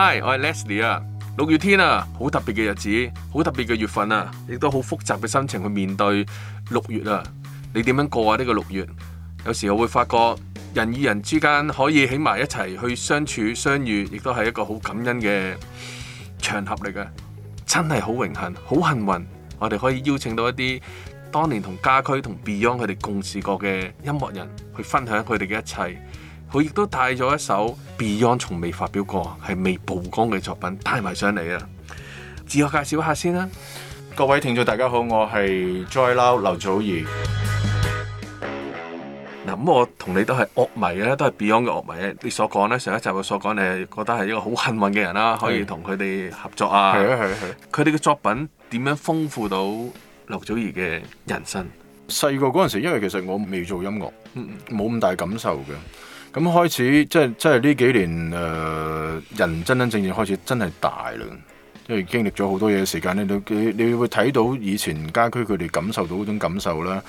Hi，我係 Leslie 啊。六月天啊，好特別嘅日子，好特別嘅月份啊，亦都好複雜嘅心情去面對六月啊。你點樣過啊？呢個六月，有時我會發覺人與人之間可以喺埋一齊去相處、相遇，亦都係一個好感恩嘅場合嚟嘅，啊。真係好榮幸、好幸運，我哋可以邀請到一啲當年同家駒、同 Beyond 佢哋共事過嘅音樂人去分享佢哋嘅一切。佢亦都帶咗一首 Beyond 從未發表過、係未曝光嘅作品帶埋上嚟啊！自我介紹一下先啦，各位聽眾大家好，我係 Joy Lau 劉祖兒。嗱，咁我同你都係樂迷咧，都係 Beyond 嘅樂迷咧。你所講咧，上一集嘅所講，你係覺得係一個好幸運嘅人啦，是可以同佢哋合作啊。係啊係係。佢哋嘅作品點樣豐富到劉祖兒嘅人生？細個嗰陣時，因為其實我未做音樂，冇咁大感受嘅。咁開始即係即係呢幾年，誒、呃、人真真正正開始真係大啦，因為經歷咗好多嘢嘅時間咧，你你，你會睇到以前家區佢哋感受到嗰種感受啦，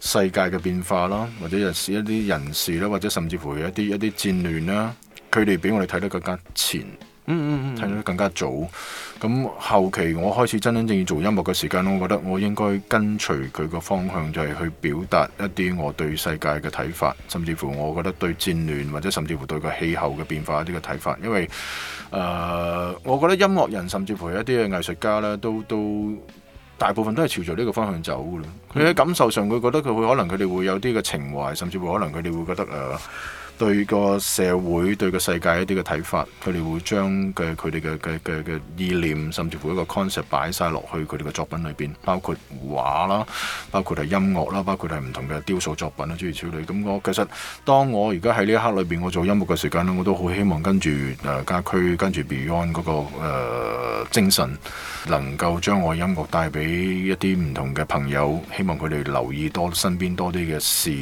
世界嘅變化啦，或者是人事一啲人事啦，或者甚至乎一啲一啲戰亂啦，佢哋比我哋睇得更加前。嗯嗯嗯，睇到更加早。咁後期我開始真真正正做音樂嘅時間，我覺得我應該跟隨佢個方向，就係去表達一啲我對世界嘅睇法，甚至乎我覺得對戰亂或者甚至乎對個氣候嘅變化一啲嘅睇法。因為誒、呃，我覺得音樂人甚至乎一啲嘅藝術家咧，都都大部分都係朝著呢個方向走嘅咯。佢喺感受上，佢覺得佢會可能佢哋會有啲嘅情懷，甚至乎可能佢哋會覺得誒。呃對個社會、對個世界一啲嘅睇法，佢哋會將嘅佢哋嘅嘅嘅嘅意念，甚至乎一個 concept 擺晒落去佢哋嘅作品裏邊，包括畫啦，包括係音樂啦，包括係唔同嘅雕塑作品啊，諸如此類。咁我其實當我而家喺呢一刻裏邊，我做音樂嘅時間咧，我都好希望跟住誒、呃、家駒，跟住 Beyond 嗰、那個、呃、精神，能夠將我音樂帶俾一啲唔同嘅朋友，希望佢哋留意多身邊多啲嘅事。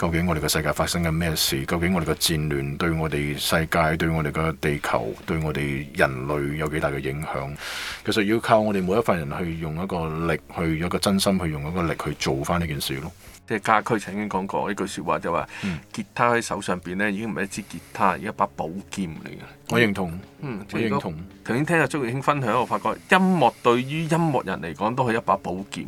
究竟我哋嘅世界發生緊咩事？究竟我哋嘅戰亂對我哋世界、對我哋個地球、對我哋人類有幾大嘅影響？其實要靠我哋每一份人去用一個力，去一個真心去用一個力去做翻呢件事咯。即係家駒曾經講過一句話說話，就話、嗯、吉他喺手上邊咧，已經唔係一支吉他，而係一把寶劍嚟嘅。我認同，嗯，我認同。頭先聽阿周耀興分享，我發覺音樂對於音樂人嚟講都係一把寶劍。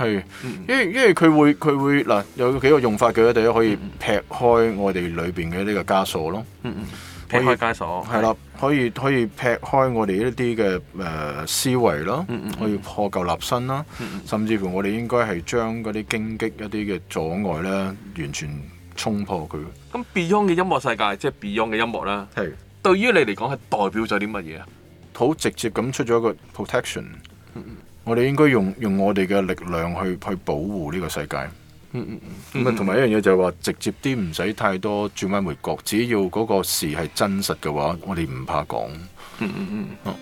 係，因因為佢會佢會嗱，有幾個用法嘅。第一可以劈開我哋裏邊嘅呢個枷鎖咯，嗯嗯，劈開枷鎖係啦以的，可以可以劈開我哋一啲嘅誒思維咯，嗯嗯嗯、可以破舊立新啦，嗯嗯、甚至乎我哋應該係將嗰啲荊棘一啲嘅阻礙咧，完全衝破佢。咁 Beyond 嘅音樂世界，即、就、係、是、Beyond 嘅音樂啦，係的，對於你嚟講係代表咗啲乜嘢啊？好直接咁出咗一個 protection。嗯嗯嗯我哋應該用用我哋嘅力量去去保護呢個世界。嗯嗯嗯。同、嗯、埋一樣嘢就係話直接啲，唔使太多轉彎抹角。只要嗰個事係真實嘅話，我哋唔怕講、嗯。嗯嗯嗯。好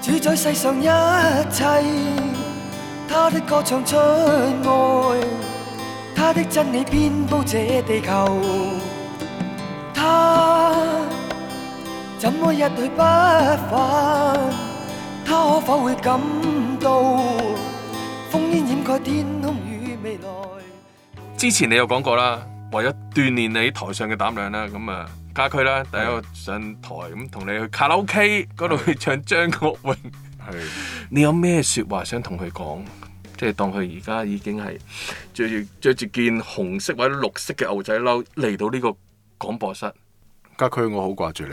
他主宰世上一切，他的歌唱出愛，他的真理遍佈這地球。他怎麼一去不返？他可否會感到風煙掩蓋天空與未來？之前你有講過啦，為咗鍛煉你台上嘅膽量啦，咁啊家駒啦、嗯、第一個上台咁，同你去卡拉 OK 嗰度，是去唱張國榮。係 是你有咩說話想同佢講？即係是當佢而家已經係着住着住件紅色或者綠色嘅牛仔褸嚟到呢個廣播室。家駒，我好掛住你。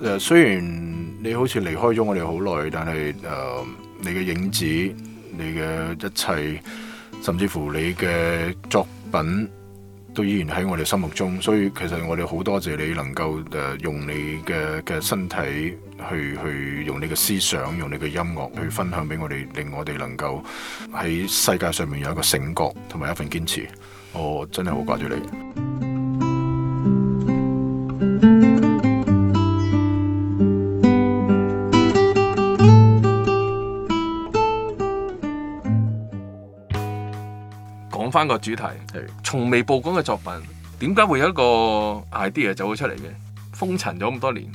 誒，雖然你好似離開咗我哋好耐，但係誒、呃，你嘅影子、你嘅一切，甚至乎你嘅作品，都依然喺我哋心目中。所以，其實我哋好多謝你能夠誒、呃，用你嘅嘅身體去去用你嘅思想、用你嘅音樂去分享俾我哋，令我哋能夠喺世界上面有一個醒覺，同埋一份堅持。我真係好掛住你。翻個主題，係從未曝光嘅作品，點解會有一個 idea 走出嚟嘅？封塵咗咁多年，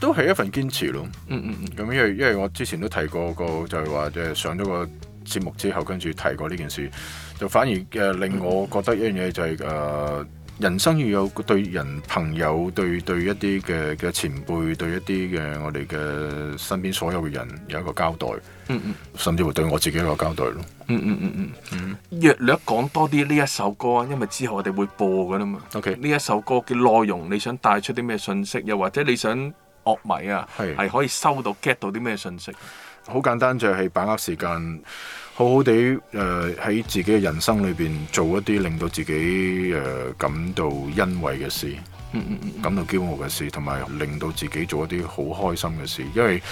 都係一份堅持咯。嗯嗯嗯，咁因為因為我之前都提過個，就係話誒上咗個節目之後，跟住提過呢件事，就反而誒令我覺得一樣嘢就係、是、誒。嗯呃人生要有對人、朋友、對對一啲嘅嘅前輩、對一啲嘅我哋嘅身邊所有嘅人有一個交代，嗯嗯，甚至乎對我自己一個交代咯，嗯嗯嗯嗯，嗯，約略講多啲呢一首歌啊，因為之後我哋會播噶啦嘛，OK，呢一首歌嘅內容，你想帶出啲咩信息，又或者你想樂迷啊係係是可以收到 get 到啲咩信息？好簡單就係、是、把握時間，好好地誒喺自己嘅人生裏邊做一啲令到自己誒、呃、感到欣慰嘅事，嗯嗯嗯，感到驕傲嘅事，同埋令到自己做一啲好開心嘅事。因為誒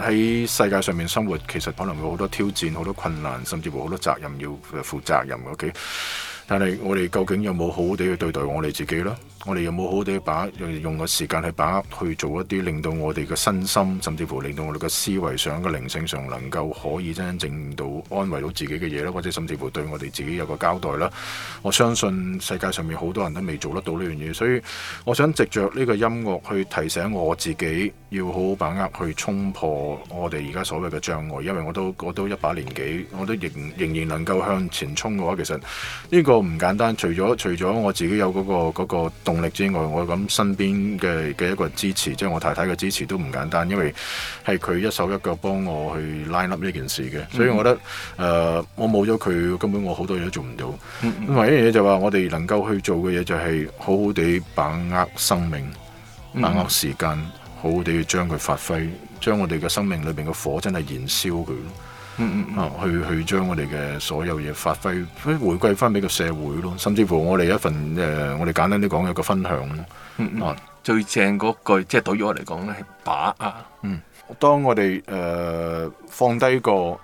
喺、呃、世界上面生活，其實可能會好多挑戰、好多困難，甚至乎好多責任要負責任嘅。ok。但係我哋究竟有冇好好地去對待我哋自己咧？我哋有冇好好地把握用個時間去把握去做一啲令到我哋嘅身心，甚至乎令到我哋嘅思維上嘅靈性上能夠可以真正正到安慰到自己嘅嘢咧？或者甚至乎對我哋自己有個交代啦。我相信世界上面好多人都未做得到呢樣嘢，所以我想藉着呢個音樂去提醒我自己，要好好把握去衝破我哋而家所謂嘅障礙，因為我都我都一把年紀我都仍仍然能夠向前衝嘅話其實呢個。都唔簡單，除咗除咗我自己有嗰個嗰個動力之外，我咁身邊嘅嘅一個支持，即係我太太嘅支持都唔簡單，因為係佢一手一腳幫我去 line up 呢件事嘅，嗯、所以我覺得誒、呃，我冇咗佢，根本我好多嘢都做唔到。唯一嘢就話，我哋能夠去做嘅嘢就係好好地把握生命、嗯、把握時間，好好地將佢發揮，將我哋嘅生命裏邊嘅火真係燃燒佢。嗯嗯，啊、嗯，去去將我哋嘅所有嘢發揮，去回饋翻俾個社會咯，甚至乎我哋一份誒、呃，我哋簡單啲講有個分享咯、嗯。嗯嗯，啊、最正嗰句，即、就、係、是、對於我嚟講咧，係把啊，嗯，當我哋誒、呃、放低個。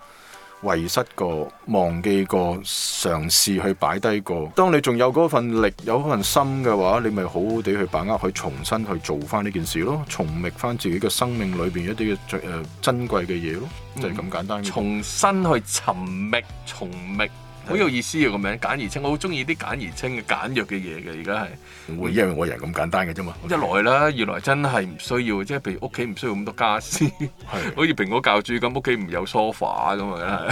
遺失過、忘記過、嘗試去擺低過。當你仲有嗰份力、有份心嘅話，你咪好好地去把握去重新去做翻呢件事咯，重覓翻自己嘅生命裏邊一啲嘅最、呃、珍貴嘅嘢咯，就係、是、咁簡單、嗯。重新去尋覓，重覓。好 有意思啊，個名簡而清，我好中意啲簡而清嘅簡約嘅嘢嘅，而家係會因為，我人咁簡單嘅啫嘛。 一來啦，二來真係唔需要，即係譬如屋企唔需要咁多家私，係是，好似蘋果教主咁，屋企唔有 sofa 咁啊。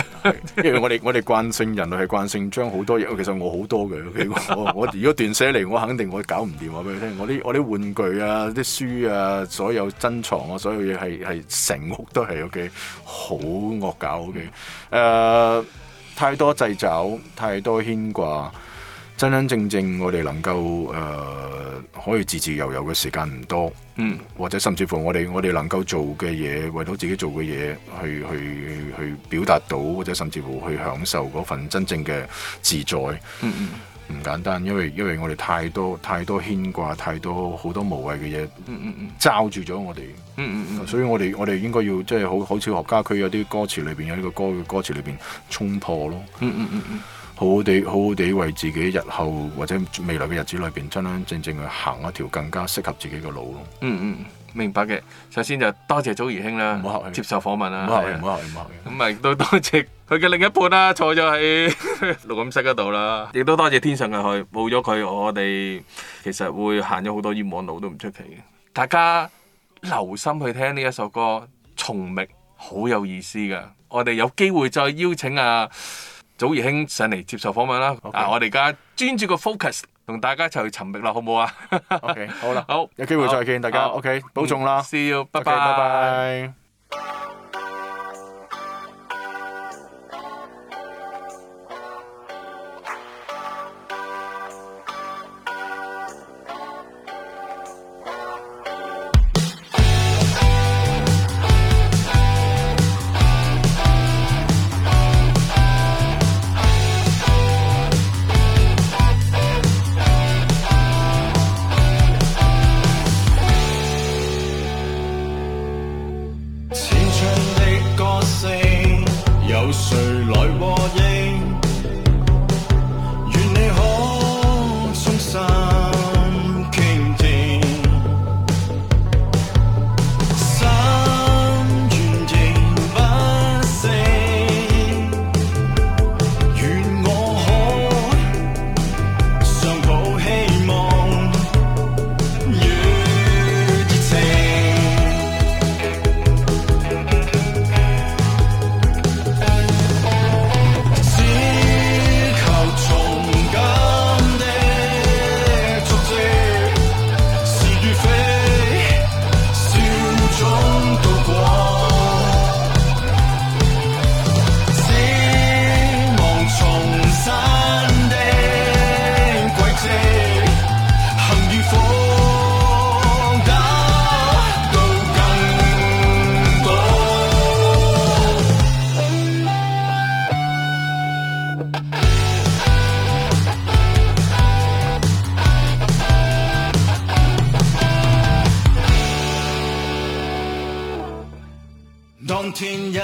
因為我哋我哋慣性，人類係慣性將好多嘢，其實我好多嘅、okay? 我，我，我如果斷捨離，我肯定我搞唔掂話俾你聽。我啲我啲玩具啊，啲書啊，所有珍藏啊，所有嘢係係成屋都係屋企，好、okay? 惡搞嘅誒。Okay? Uh, 太多掣肘，太多牽掛，真真正正我哋能夠誒、呃、可以自自由由嘅時間唔多，嗯，或者甚至乎我哋我哋能夠做嘅嘢，為到自己做嘅嘢去去去表達到，或者甚至乎去享受嗰份真正嘅自在，嗯嗯。唔簡單，因為因為我哋太多太多牽掛，太多好多無謂嘅嘢，罩住咗我哋。所以我哋我哋應該要即係、就是、好好似學家區有啲歌詞裏邊有呢個歌嘅歌詞裏邊衝破咯。嗯嗯嗯嗯，好好地好好地為自己日後或者未來嘅日子裏邊，真真正正去行一條更加適合自己嘅路咯。嗯嗯。明白嘅，首先就多謝祖兒兄啦，唔好客氣，接受訪問啦，唔好客氣，唔好的客氣，咁咪都多謝佢嘅另一半啦，坐咗喺錄音室嗰度啦，亦都多謝天上嘅佢，冇咗佢，我哋其實會行咗好多冤枉路，都唔出奇嘅。大家留心去聽呢一首歌《蟲鳴》，好有意思嘅。我哋有機會再邀請阿、啊、祖兒兄上嚟接受訪問啦。啊，Okay. 我哋而家專注個 focus。同大家一齊去尋覓啦，好唔好啊 ？OK，好啦，好，有機會再見，好大家好，OK，保重啦，See you，拜拜，拜拜。